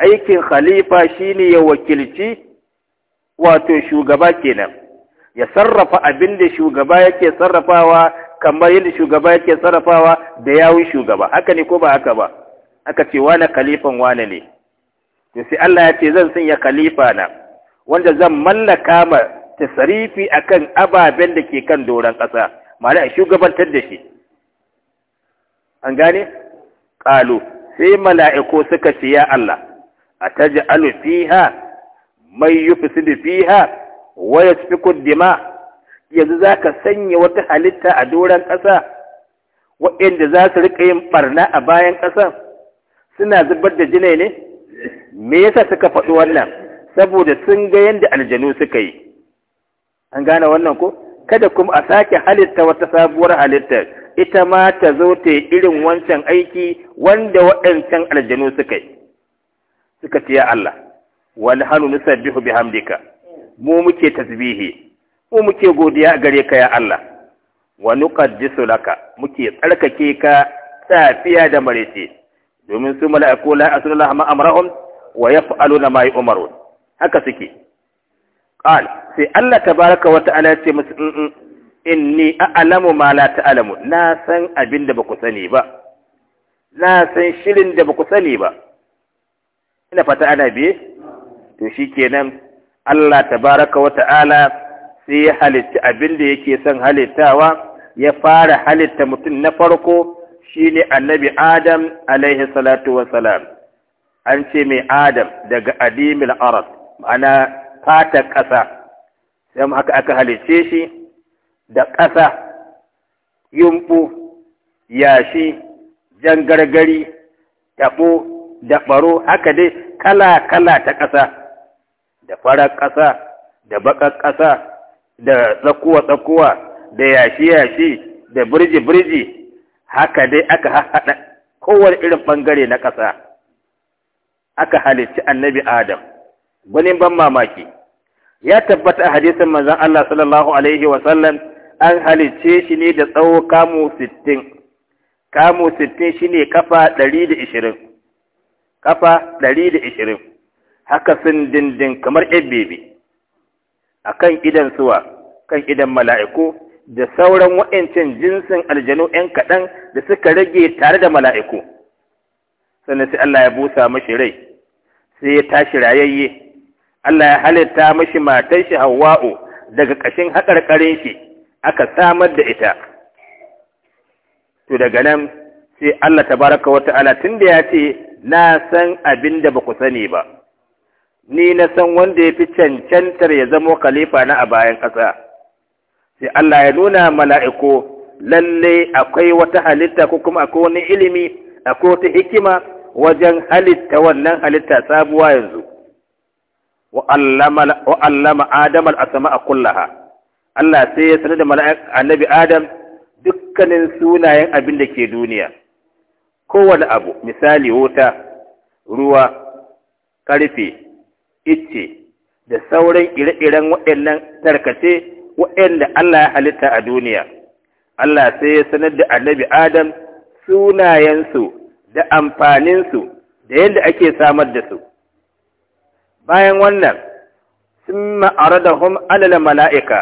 aikin khalifa shine ya wakilci wato shugaba kenan ya sarrafa abin da shugaba yake sarrafawa kamar yadda shugaba yake sarrafawa da yawun shugaba haka ne ko ba haka ba aka ce wane khalifan wane ne to sai Allah ya ce zan sanya khalifa na wanda zan mallaka ma tasarifi akan ababen da ke kan doron ƙasa ma'ana shugabantar da shi an gane qalu sai mala'iku suka ce ya Allah A mai أتجعل فيها من يفسد fi ويسفك kuddima yanzu za ka sanya wata halitta a doron ƙasa waɗanda za su riƙa yin ɓarna a bayan ƙasa suna zubar da jinai ne me yasa suka faɗi wannan saboda sun ga yadda aljanu suka yi an gane wannan ko kada kuma a sake halitta wata sabuwar halitta ita ma ta zo ta yi irin wancan aiki wanda waɗancan aljanu suka yi suka ce ya Allah wani hannu nusabbihu bihamdika mu muke tasbihi mu muke godiya gare ka ya Allah wa nuqaddisu laka muke tsarkake ka safiya da marece domin su mala'iku la asrullah ma amrahum wa yaf'aluna ma Umaru. haka suke qal sai Allah tabaraka wa ta'ala ce musu mm, mm, inni a'lamu ma la ta'lamu na san abin da ku sani ba na san shirin da baku sani ba ina fata ana biye to shikenan Allah tabaraka wa ta'ala sai ya halitta abin da yake son halittawa ya fara halitta mutum na farko shine annabi Adam alaihi salatu wa salam an ce mai Adam daga adimil arab ma'ana fatar ƙasa sai haka aka halicce shi da ƙasa yumbu yashi jan gargari taɓo da ɓaro haka dai kala-kala ta ƙasa da farar ƙasa da baƙar ƙasa da tsakuwa-tsakuwa da yashi-yashi da birji-birji haka dai aka haɗa kowane irin ɓangare na ƙasa aka halicci annabi adam gwanin ban mamaki ya tabbata a hadisin manzan Allah sallallahu alaihi wasallam an halicce shi ne da tsawo kamu sittin. kamu sittin shi ne kafa ɗari da ishirin. Ƙafa ɗari da ishirin haka sun dindin kamar yan bebe a kan idan suwa kan idan mala'iku da sauran wa'incin jinsin aljanu ‘yan kaɗan da suka rage tare da mala'iku sannan sai Allah ya busa mashi rai sai ya tashi rayayye Allah ya halitta mashi matan shi hawa'u daga ƙashin haƙarƙarin shi aka samar da ita to daga nan sai Allah Ta tabaraka ala tun da ya ce na san abin da ba ku sani ba ni na san wanda ya fi cancantar ya zamo khalifa na a bayan ƙasa sai Allah ya nuna mala'iku lalle akwai wata halitta ko kuma akwai wani ilimi akwai wata hikima wajen halitta wannan halitta sabuwa yanzu wa adam al'asama a kullaha Allah sai ya sanar da mala'ik annabi adam dukkanin sunayen abin da ke duniya kowane abu misali wuta ruwa karfe icce da sauran ire-iren waɗannan tarkace waɗanda Allah ya halitta a duniya Allah sai ya sanar da annabi Adam sunayensu da amfaninsu da yadda ake samar da su bayan wannan sun ma'aradahum alal mala'ika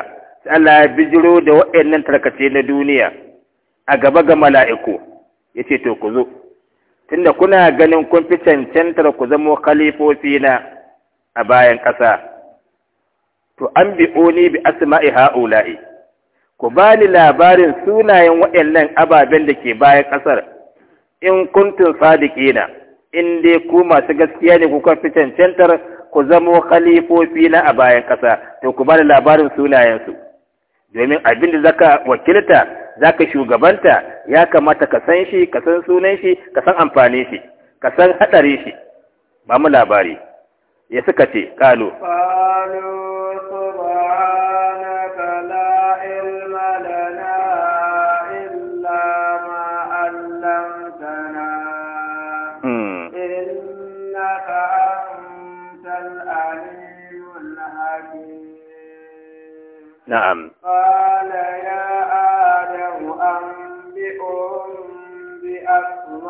Allah ya bijiro da waɗannan tarkace na duniya a gaba ga mala'iku ya ce to ku zo tunda kuna ganin kun fi cancantar ku zamo khalifofi na a bayan ƙasa to an bi oni bi asma'i ha'ula'i ku ba ni labarin sunayen waɗannan ababen da ke bayan ƙasar in kuntun sadiki na in dai ku masu gaskiya ne kuka fi cancantar ku zamo khalifofi na a bayan ƙasa to ku ba ni labarin sunayensu domin abin da zaka wakilta za ka shugabanta ya kamata ka san shi ka san sunan shi ka san amfani shi ka san haɗari shi ba mu labari ya suka ce ƙalo hmm. Na'am.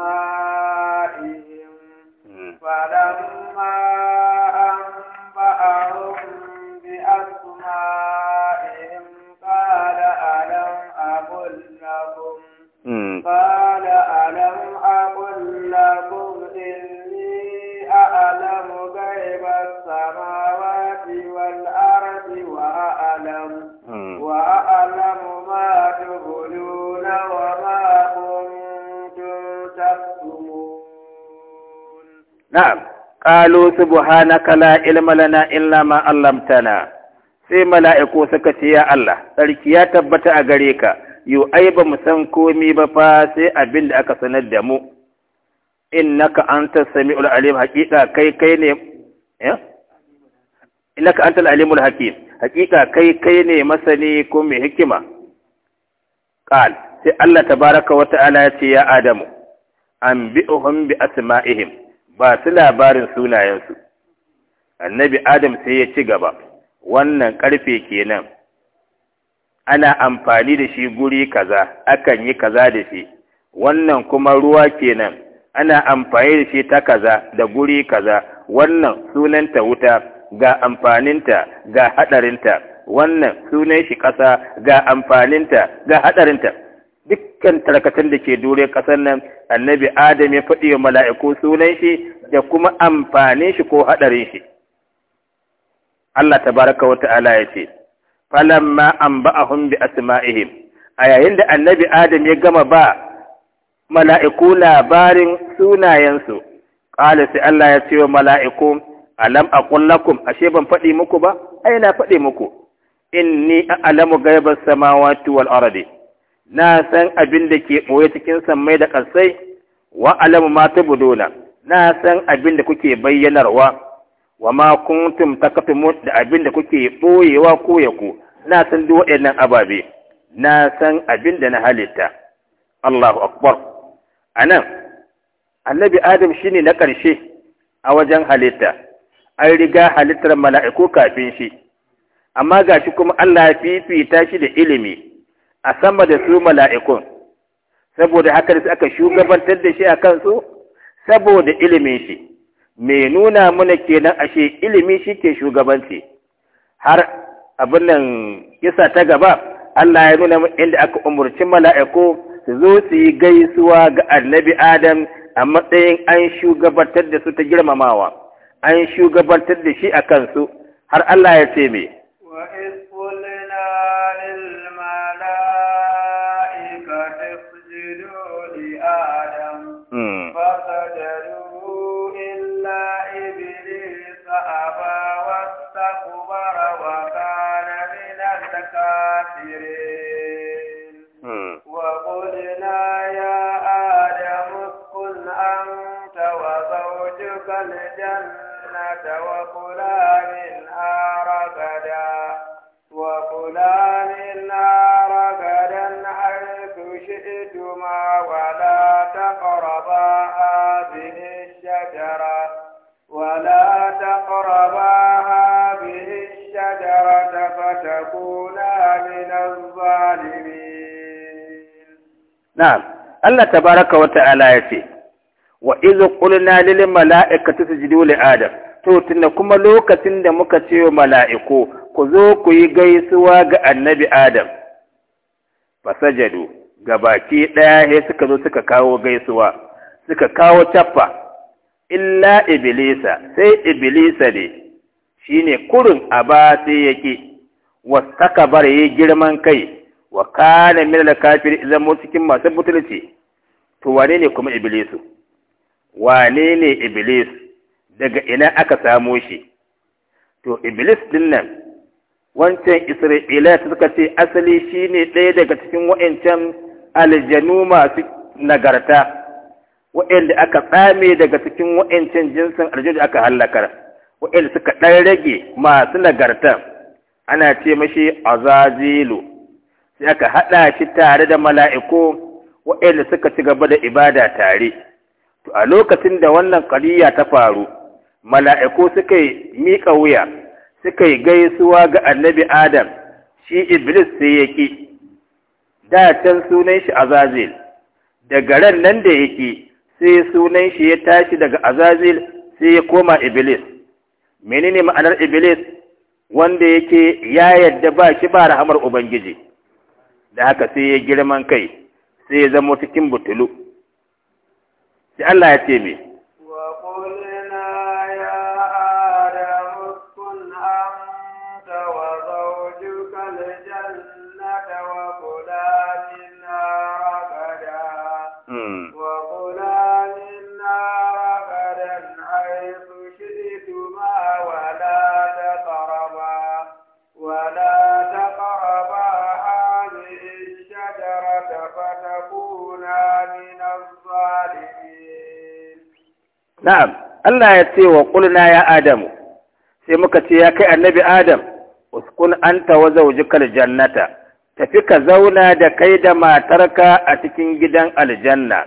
Ina faɗawa ma an ba a hukuncin asuma Ina faɗawa ma abar daɗum Ina faɗawa ma abar daɗum iri ha alama gari sama. na'am qalu subhanaka la ilma lana illa ma 'allamtana sai mala'iku suka ce ya Allah sarki ya tabbata a gare ka yo ai ba mu san komai ba fa sai abin da aka sanar da mu innaka anta sami'ul alim haqiqa kai kai ne eh innaka alimul hakim haqiqa kai kai ne masani ko mai hikima qal sai Allah ta wa ta'ala ya ce ya adamu anbi'uhum bi asma'ihim ba su labarin sunayensu annabi adam sai ya ci gaba wannan ƙarfe kenan ana amfani da shi guri kaza akan yi kaza da shi wannan kuma ruwa kenan ana amfani da shi ta kaza da guri kaza wannan sunanta wuta ga amfaninta ga haɗarinta wannan sunan shi ƙasa ga amfaninta ga haɗarinta dukkan tarkatan da ke dore ƙasar nan annabi adam ya faɗi wa mala'iku sunan shi da kuma amfanin shi ko haɗarin shi Allah tabaraka wa ta'ala ya ce falamma anba'ahum bi asma'ihim a yayin da annabi adam ya gama ba mala'iku labarin sunayensu qala sai Allah ya ce wa mala'iku alam aqul lakum ashe ban faɗi muku ba ai na faɗi muku inni a'lamu ghaibas samawati wal ardi na san abin da ke ɓoye cikin sammai da ƙarsai. wa alamu ma ta na san abin da kuke bayyanarwa wa ma kuntum takatumun da abin da kuke ɓoyewa ko ya ku na san duk waɗannan ababe na san abin da na halitta Allahu akbar anan annabi Adam shi ne na ƙarshe a wajen halitta an riga halittar mala'iku kafin shi amma gashi kuma Allah ya fifita shi da ilimi a sama da su mala'ikun saboda haka da aka shugabantar da shi a kansu saboda ilimin shi me nuna mana kenan ashe ilimi shi ke shugabanci har abin nan kisa ta gaba Allah ya nuna inda aka umarci mala'iku su zo su yi gaisuwa ga annabi Adam a matsayin an shugabantar da su ta girmamawa an shugabantar da shi a kansu har Allah ya ce me na'am Allah baraka wata ta'ala ya ce wa idh qulna lil mala'ikati isjudu li adam to tunda kuma lokacin da muka ce wa mala'iku ku zo ku yi gaisuwa ga annabi adam fasajadu ga baki ɗaya sai suka zo suka kawo gaisuwa suka kawo caffa illa iblisa sai iblisa ne shine kurin aba sai yake wastakabara yi girman kai wa kana min al-kafir idan mu cikin masu butulci to wane ne kuma iblisu wane ne iblis daga ina aka samo shi to iblis din nan wancan isra'ila suka ce asali shine ɗaya daga cikin wa'ancan aljanu masu nagarta wa'anda aka tsame daga cikin wa'ancan jinsin aljanu aka halakar wa'anda suka ɗan rage masu nagarta ana ce mashi azazilu sai aka haɗa shi tare da mala'iku waɗanda suka ci gaba da ibada tare. To a lokacin da wannan ƙariya ta faru, mala'iku suka yi miƙa wuya, suka yi gaisuwa ga annabi Adam, shi Iblis sai ya ƙi, da can sunan shi Azazil, daga ran nan da ya ƙi, sai sunan shi ya tashi daga Azazil sai ya koma Iblis. Menene ma'anar Iblis? Wanda yake ya yadda ba shi ba rahamar Ubangiji. da haka sai ya girman kai sai ya zama cikin butulu sai Allah ya ce mai na'am Allah ya ce wa qulna ya adamu sai muka ce ya kai annabi adam uskun anta wa kaljannata jannata tafi ka zauna da kai da matarka a cikin gidan aljanna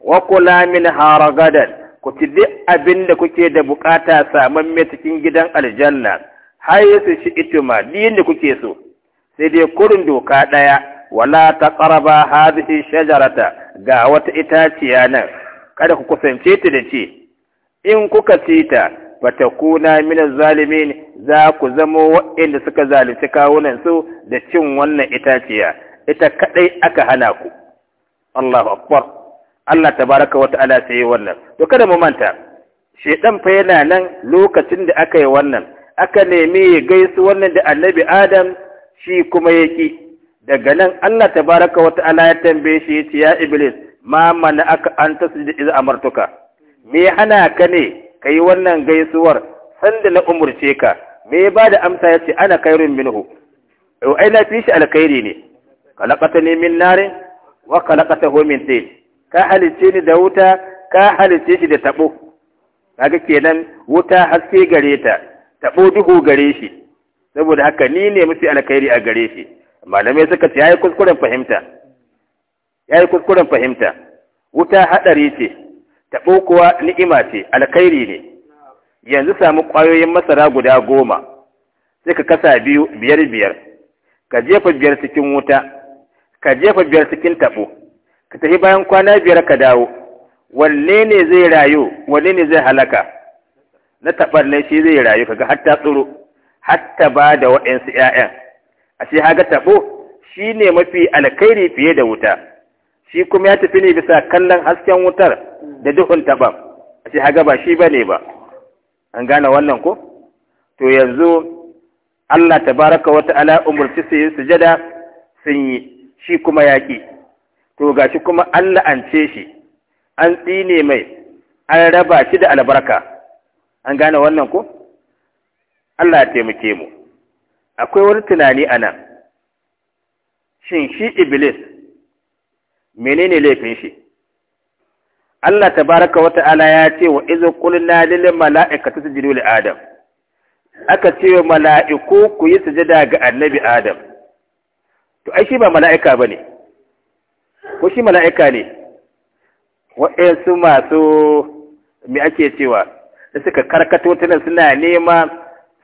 wa kula min haragadan ku ci duk abin da kuke da bukata saman mai cikin gidan aljanna har su shi ituma din da kuke so sai dai kurin doka ɗaya wala ta ƙaraba hadhihi shajarata ga wata itaciya nan kada ku kusance ta da ce in kuka sita ta kuna minan zalimi za ku zamo waɗanda suka zalunci kawunan su da cin wannan itaciya ita kadai aka hana ku Allahu akbar Allah tabaraka wa ta'ala sai wannan to kada mu manta shedan fa yana nan lokacin da aka yi wannan aka nemi ya gaisu wannan da annabi Adam shi kuma yaki daga nan Allah tabaraka wata ta'ala ya tambaye shi ya ce ya iblis ma mana aka an da iza amartuka me hana ka ne ka yi wannan gaisuwar sanda na umurce ka me ba da amsa ya ce ana kairun minhu yau ai na fi shi alkhairi ne kalakata ne min narin wa kalakata ho min ka halice ni da wuta ka halice shi da tabo kaga kenan wuta haske gare ta tabo duhu gare shi saboda haka ni ne mafi alkhairi a gare shi malamai suka ce yayi kuskuren fahimta yayi kuskuren fahimta wuta hadari ce taɓo kuwa ni'ima ce alkhairi ne yanzu samu ƙwayoyin masara guda goma sai ka kasa biyu biyar biyar ka jefa biyar cikin wuta ka jefa biyar cikin taɓo ka tafi bayan kwana biyar ka dawo wanne ne zai rayu wanne ne zai halaka na taɓar ne shi zai rayu kaga hatta tsoro hatta ba da waɗansu 'ya'yan ashe haga taɓo shi ne mafi alkhairi fiye da wuta shi kuma ya tafi ne bisa kallon hasken wutar da duhun taɓa ce haga ba shi ba ne ba an gane wannan ko to yanzu Allah Ta baraka wata ala umurci su yi sujada sun yi shi kuma yaƙi to gashi kuma Allah an ce shi an tsine mai an raba shi da albarka an gane wannan ko Allah ya taimake mu akwai wani tunani a nan shin shi iblis menene laifin shi Allah tabaraka wa ta'ala ya ce wa idh qulna lil mala'ikati isjudu li adam aka ce wa mala'iku ku yi sujada ga annabi adam to ai shi ba mala'ika bane ko shi mala'ika ne su masu me ake cewa da suka karkato tana suna nema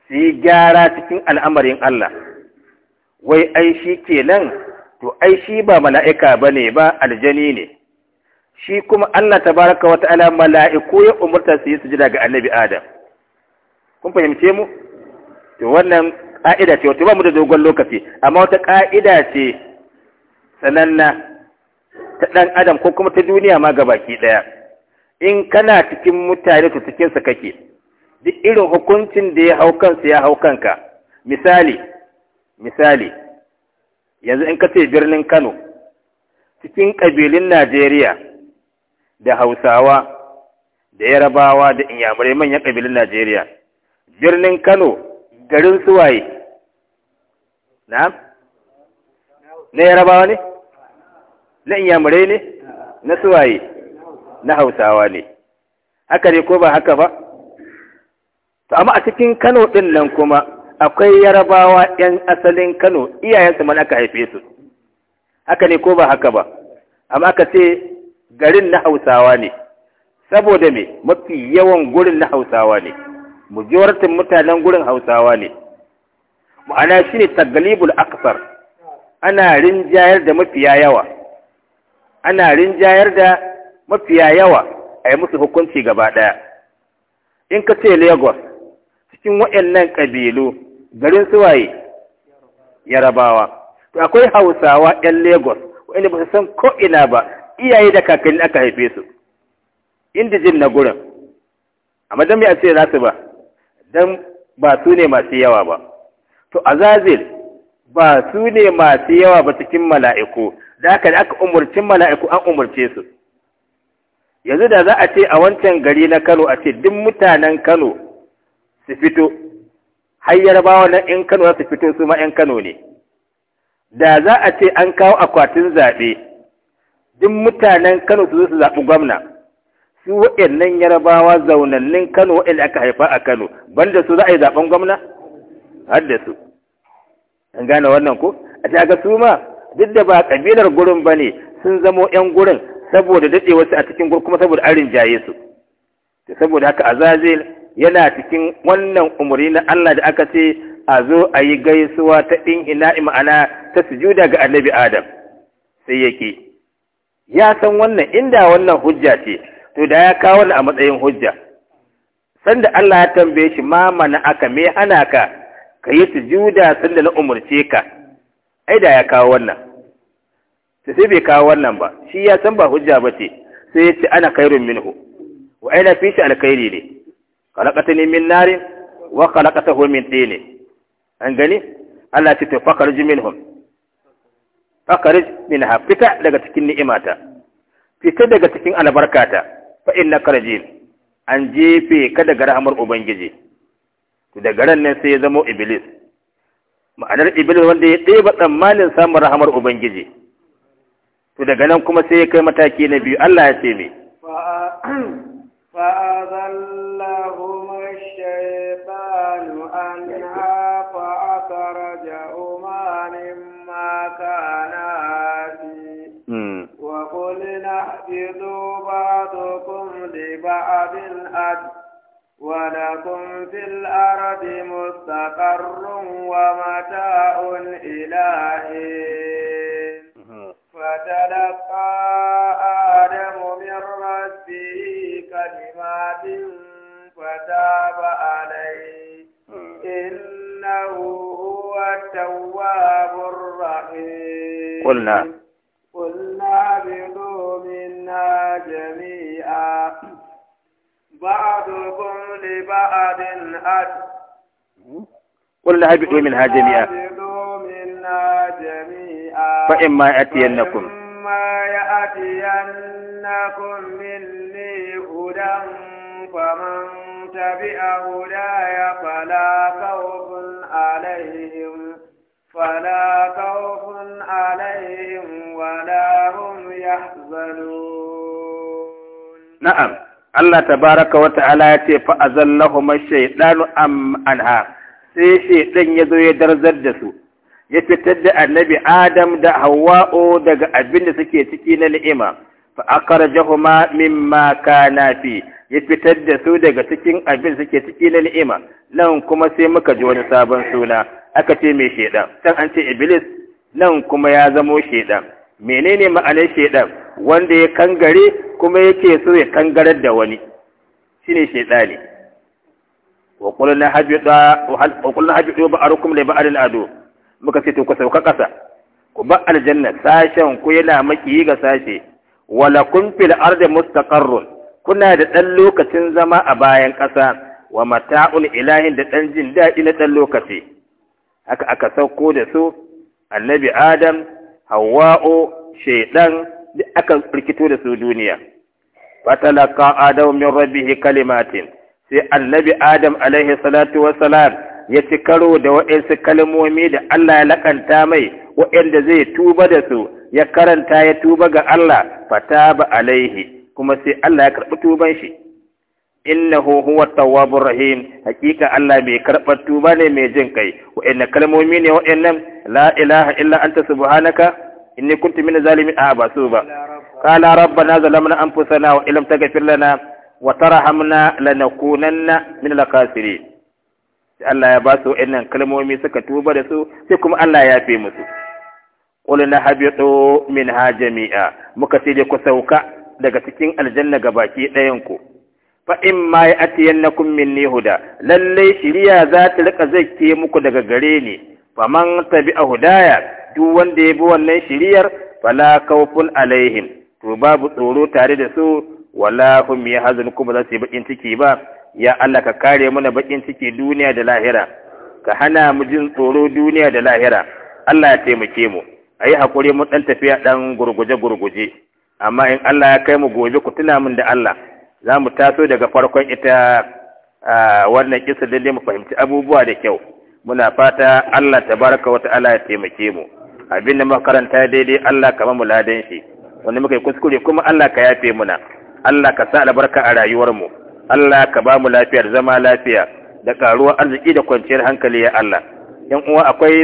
su yi gyara cikin al'amarin Allah wai ai shi kenan to ai shi ba mala'ika ba ne ba aljani ne shi kuma Allah tabaraka wa ta'ala mala'iku ya umarta su yi sujada ga annabi Adam kun fahimce mu to wannan ka'ida ce wato ba mu da dogon lokaci amma wata ka'ida ce sananna ta ɗan adam ko kuma ta duniya ma ga baki daya in kana cikin mutane to cikin sa kake duk irin hukuncin da ya hau kansa ya hau kanka misali misali yanzu in ka ce birnin Kano cikin ƙabilun Najeriya da Hausawa da Yarabawa da Inyamurai manyan ƙabilun Najeriya birnin Kano garin suwaye na na Yarabawa ne na Inyamurai ne na suwaye na Hausawa ne haka ne ko ba haka ba to amma a cikin Kano ɗin nan kuma akwai yarabawa 'yan asalin kano iyayensu mana aka haife su haka ne ko ba haka ba amma aka ce garin na hausawa ne saboda me mafi yawan gurin na hausawa ne majoritin mutanen gurin hausawa ne ma'ana shi ne tagalibul aksar ana rinjayar da mafiya yawa ana rinjayar da mafiya yawa a yi musu hukunci gaba ɗaya in ka ce lagos cikin waɗannan ƙabilu garin suwaye yarabawa to akwai hausawa 'yan lagos wani ba su san ko'ina ba iyaye da kakanni aka haife su indijin na gurin amma don a ce su ba don ba su ne masu yawa ba to azazil ba su ne masu yawa ba cikin mala'iku da aka da aka umarcin mala'iku an umarce su yanzu da za a ce a wancan gari na kano a ce duk mutanen kano su fito har yarabawa na 'yan Kano za su fito su ma 'yan Kano ne. Da za a ce an kawo akwatin zaɓe, duk mutanen Kano su zo su zaɓi gwamna, su nan yarbawa zaunannin Kano da aka haifa a Kano, banda su za a yi zaɓen gwamna? Har da su. An gane wannan ko? A ce ga su ma duk da ba ƙabilar gurin ba ne sun zamo 'yan gurin saboda daɗewarsu a cikin gurin kuma saboda an rinjaye su. Saboda haka Zazen. yana cikin wannan umarni na Allah da aka ce a zo a yi gaisuwa ta ɗin ina ma'ana ta sujuda ga annabi Adam sai ya ke. Ya san wannan inda wannan hujja ce, to da ya kawo ni a matsayin hujja. Sanda Allah ya tambaye shi ma mana aka me hana ka ka yi sujuda sanda na umarce ka, ai da ya kawo wannan. Ta sai bai kawo wannan ba, shi ya san ba hujja ba ce, sai ya ce ana kairun minhu, wa aina fi shi alkhairi ne. ne min narin wa hu min tin an gani Allah ce to fakharij minhum fakharij ha fita daga cikin ni'imata fita daga cikin albarkata fa kala rajim an jefe ka daga rahmar ubangiji to daga ran nan sai ya zama iblis ma'anar iblis wanda ya ɗeba tsammanin samun rahmar ubangiji to daga nan kuma sai ya kai mataki na biyu Allah ya ce me عنها فأخرجهما مما كانا فيه وقلنا اهبطوا بعضكم لبعض أدب ولكم في الأرض مستقر ومتاع إلى حين فتلقى قلنا قلنا بلو منا جميعا بعضكم لبعض أد قلنا بلو منها جميعا منا جميعا فإما يأتينكم فإما يأتينكم مني هدى فمن تبع هدايا فلا خوف عليهم فلا خوف عليهم ولا هم يحزنون نعم الله تبارك وتعالى يتي فأزلهم الشيطان أم أنها sai shaidan ya zo ya darzar da su ya fitar da annabi adam da hawa'u daga abin da suke ciki na ni'ima fa akarjahuma mimma kana fi ya fitar da su daga cikin abin suke ciki na ni'ima nan kuma sai muka ji wani sabon suna aka ce mai shaidan can an ce iblis nan kuma ya zamo shaidan menene ma'anar shaidan wanda ya kangare kuma yake so ya kangarar da wani shine shaidani wa qulna hajjuda wa qulna hajjudu ba'arukum li ba'al adu muka ce to ku sauka kasa ku ba aljanna sashen ku yana maki ga sashe wala kun fil ardi mustaqarrun kuna da dan lokacin zama a bayan kasa wa mata'un ilahin da dan jin daɗi na dan lokaci aka aka sauko da su annabi adam hawa'u shaidan duk aka rikito da su duniya fatalaka adam min rabbih kalimatin sai annabi adam alaihi salatu wassalam ya ci karo da waɗansu kalmomi da Allah ya lakanta mai waɗanda zai tuba da su ya karanta ya tuba ga Allah fataba alaihi kuma sai Allah ya karɓi tuban shi innahu huwa tawwabur rahim hakika Allah bai karbar tuba ne mai jin kai inna kalmomi ne wa'annan la ilaha illa anta subhanaka inni kuntu min zalimin a ba su ba qala rabbana zalamna anfusana wa illam taghfir lana wa tarhamna lanakunanna min al-khasirin Allah ya ba su wa'annan kalmomi suka tuba da su sai kuma Allah ya fi musu qulna habitu min hajamia, muka da ku sauka daga cikin aljanna gabaki ɗayan ku fa in ma ya min ni huda lalle shiriya za ta rika zakke muku daga gare ni Fa faman a hudaya duk wanda ya bi wannan shiriyar fala kaufun alaihim to babu tsoro tare da su wala hum hazin kuma za su yi bakin ciki ba ya Allah ka kare mana bakin ciki duniya da lahira ka hana mu jin tsoro duniya da lahira Allah ya taimake mu A yi hakuri mu ɗan tafiya ɗan gurguje gurguje amma in Allah ya kai mu gobe ku tuna min da Allah za mu taso daga farkon ita a wannan kisa lalle mu fahimci abubuwa da kyau muna fata Allah Ta baraka wata ta'ala ya taimake mu abin da muka karanta daidai Allah ka mu ladan shi wanda muka yi kuskure kuma Allah ka yafe muna Allah ka sa albarka a rayuwar mu Allah ka ba mu lafiyar zama lafiya da karuwar arziki da kwanciyar hankali ya Allah yan uwa akwai